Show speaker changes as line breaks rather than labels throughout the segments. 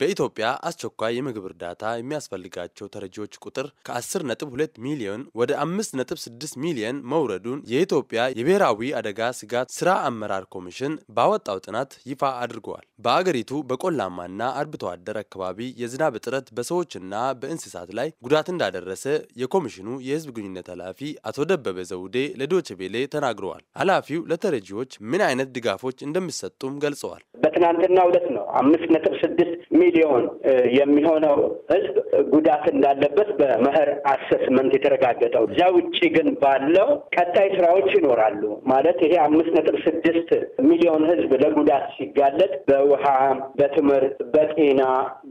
በኢትዮጵያ አስቸኳይ የምግብ እርዳታ የሚያስፈልጋቸው ተረጂዎች ቁጥር ከ10.2 ሚሊዮን ወደ 5.6 ሚሊዮን መውረዱን የኢትዮጵያ የብሔራዊ አደጋ ስጋት ስራ አመራር ኮሚሽን ባወጣው ጥናት ይፋ አድርገዋል። በአገሪቱ በቆላማና አርብቶ አደር አካባቢ የዝናብ እጥረት በሰዎችና በእንስሳት ላይ ጉዳት እንዳደረሰ የኮሚሽኑ የህዝብ ግንኙነት ኃላፊ አቶ ደበበ ዘውዴ ለዶችቤሌ ተናግረዋል። ኃላፊው ለተረጂዎች ምን አይነት ድጋፎች እንደሚሰጡም ገልጸዋል።
በትናንትና ሁለት ነው አምስት ነጥብ ስድስት ሚሊዮን የሚሆነው ህዝብ ጉዳት እንዳለበት በመኸር አሰስመንት የተረጋገጠው። እዚያ ውጭ ግን ባለው ቀጣይ ስራዎች ይኖራሉ ማለት ይሄ አምስት ነጥብ ስድስት ሚሊዮን ህዝብ ለጉዳት ሲጋለጥ በውሃ፣ በትምህርት፣ በጤና፣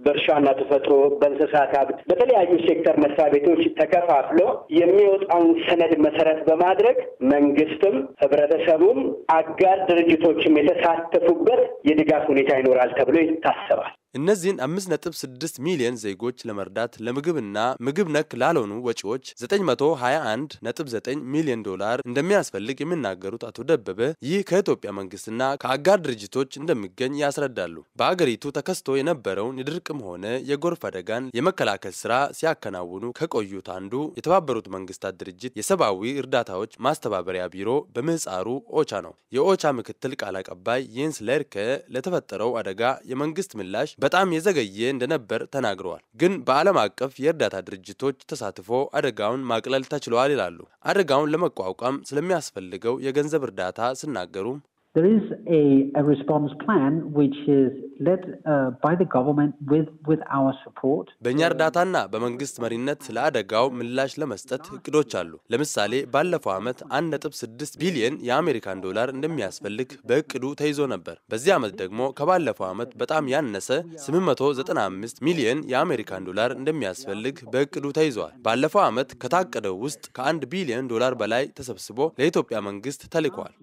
በእርሻና ተፈጥሮ፣ በእንስሳት ሀብት በተለያዩ ሴክተር መስሪያ ቤቶች ተከፋፍሎ የሚወጣውን ሰነድ መሰረት በማድረግ መንግስትም ህብረተሰቡም አጋር ድርጅቶችም የተሳተፉበት የድጋፍ ሁኔታ ይኖራል ተብሎ ይታሰባል።
እነዚህን 5.6 ሚሊዮን ዜጎች ለመርዳት ለምግብና ምግብ ነክ ላልሆኑ ወጪዎች 921.9 ሚሊዮን ዶላር እንደሚያስፈልግ የሚናገሩት አቶ ደበበ ይህ ከኢትዮጵያ መንግስትና ከአጋር ድርጅቶች እንደሚገኝ ያስረዳሉ። በአገሪቱ ተከስቶ የነበረውን የድርቅም ሆነ የጎርፍ አደጋን የመከላከል ስራ ሲያከናውኑ ከቆዩት አንዱ የተባበሩት መንግስታት ድርጅት የሰብአዊ እርዳታዎች ማስተባበሪያ ቢሮ በምህፃሩ ኦቻ ነው። የኦቻ ምክትል ቃል አቀባይ የንስ ለርከ ለተፈጠረው አደጋ የመንግስት ምላሽ በጣም የዘገየ እንደነበር ተናግረዋል። ግን በዓለም አቀፍ የእርዳታ ድርጅቶች ተሳትፎ አደጋውን ማቅለል ተችሏል ይላሉ። አደጋውን ለመቋቋም ስለሚያስፈልገው የገንዘብ እርዳታ ስናገሩም
There is a, a response plan which is led uh, by the government with, with our support.
በእኛ እርዳታና በመንግስት መሪነት ለአደጋው ምላሽ ለመስጠት እቅዶች አሉ። ለምሳሌ ባለፈው ዓመት 1.6 ቢሊየን የአሜሪካን ዶላር እንደሚያስፈልግ በእቅዱ ተይዞ ነበር። በዚህ ዓመት ደግሞ ከባለፈው ዓመት በጣም ያነሰ 895 ሚሊዮን የአሜሪካን ዶላር እንደሚያስፈልግ በእቅዱ ተይዟል። ባለፈው ዓመት ከታቀደው ውስጥ ከ ከአንድ ቢሊዮን ዶላር በላይ ተሰብስቦ ለኢትዮጵያ መንግስት ተልኳል።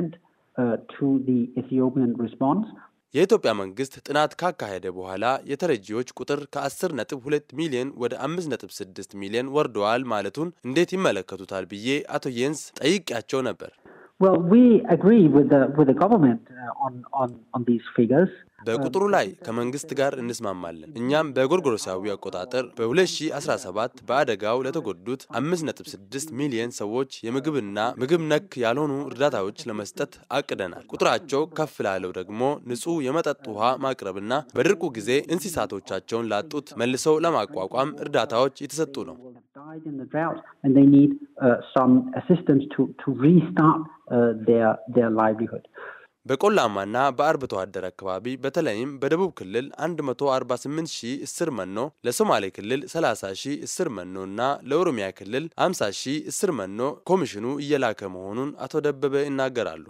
Uh,
የኢትዮጵያ መንግስት ጥናት ካካሄደ በኋላ የተረጂዎች ቁጥር ከ10 2 ሚሊዮን ወደ 56 ሚሊዮን ወርደዋል ማለቱን እንዴት ይመለከቱታል ብዬ አቶ የንስ ጠይቄያቸው ነበር። በቁጥሩ ላይ ከመንግስት ጋር እንስማማለን። እኛም በጎርጎሮሳዊ አቆጣጠር በ2017 በአደጋው ለተጎዱት 5.6 ሚሊዮን ሰዎች የምግብና ምግብ ነክ ያልሆኑ እርዳታዎች ለመስጠት አቅደናል። ቁጥራቸው ከፍ ላለው ደግሞ ንጹህ የመጠጥ ውሃ ማቅረብና በድርቁ ጊዜ እንስሳቶቻቸውን ላጡት መልሰው ለማቋቋም እርዳታዎች የተሰጡ ነው። በቆላማና በአርብቶ አደር አካባቢ በተለይም በደቡብ ክልል 148 ሺህ እስር መኖ፣ ለሶማሌ ክልል 30 ሺህ እስር መኖ እና ለኦሮሚያ ክልል 50 ሺህ እስር መኖ ኮሚሽኑ እየላከ መሆኑን አቶ ደበበ ይናገራሉ።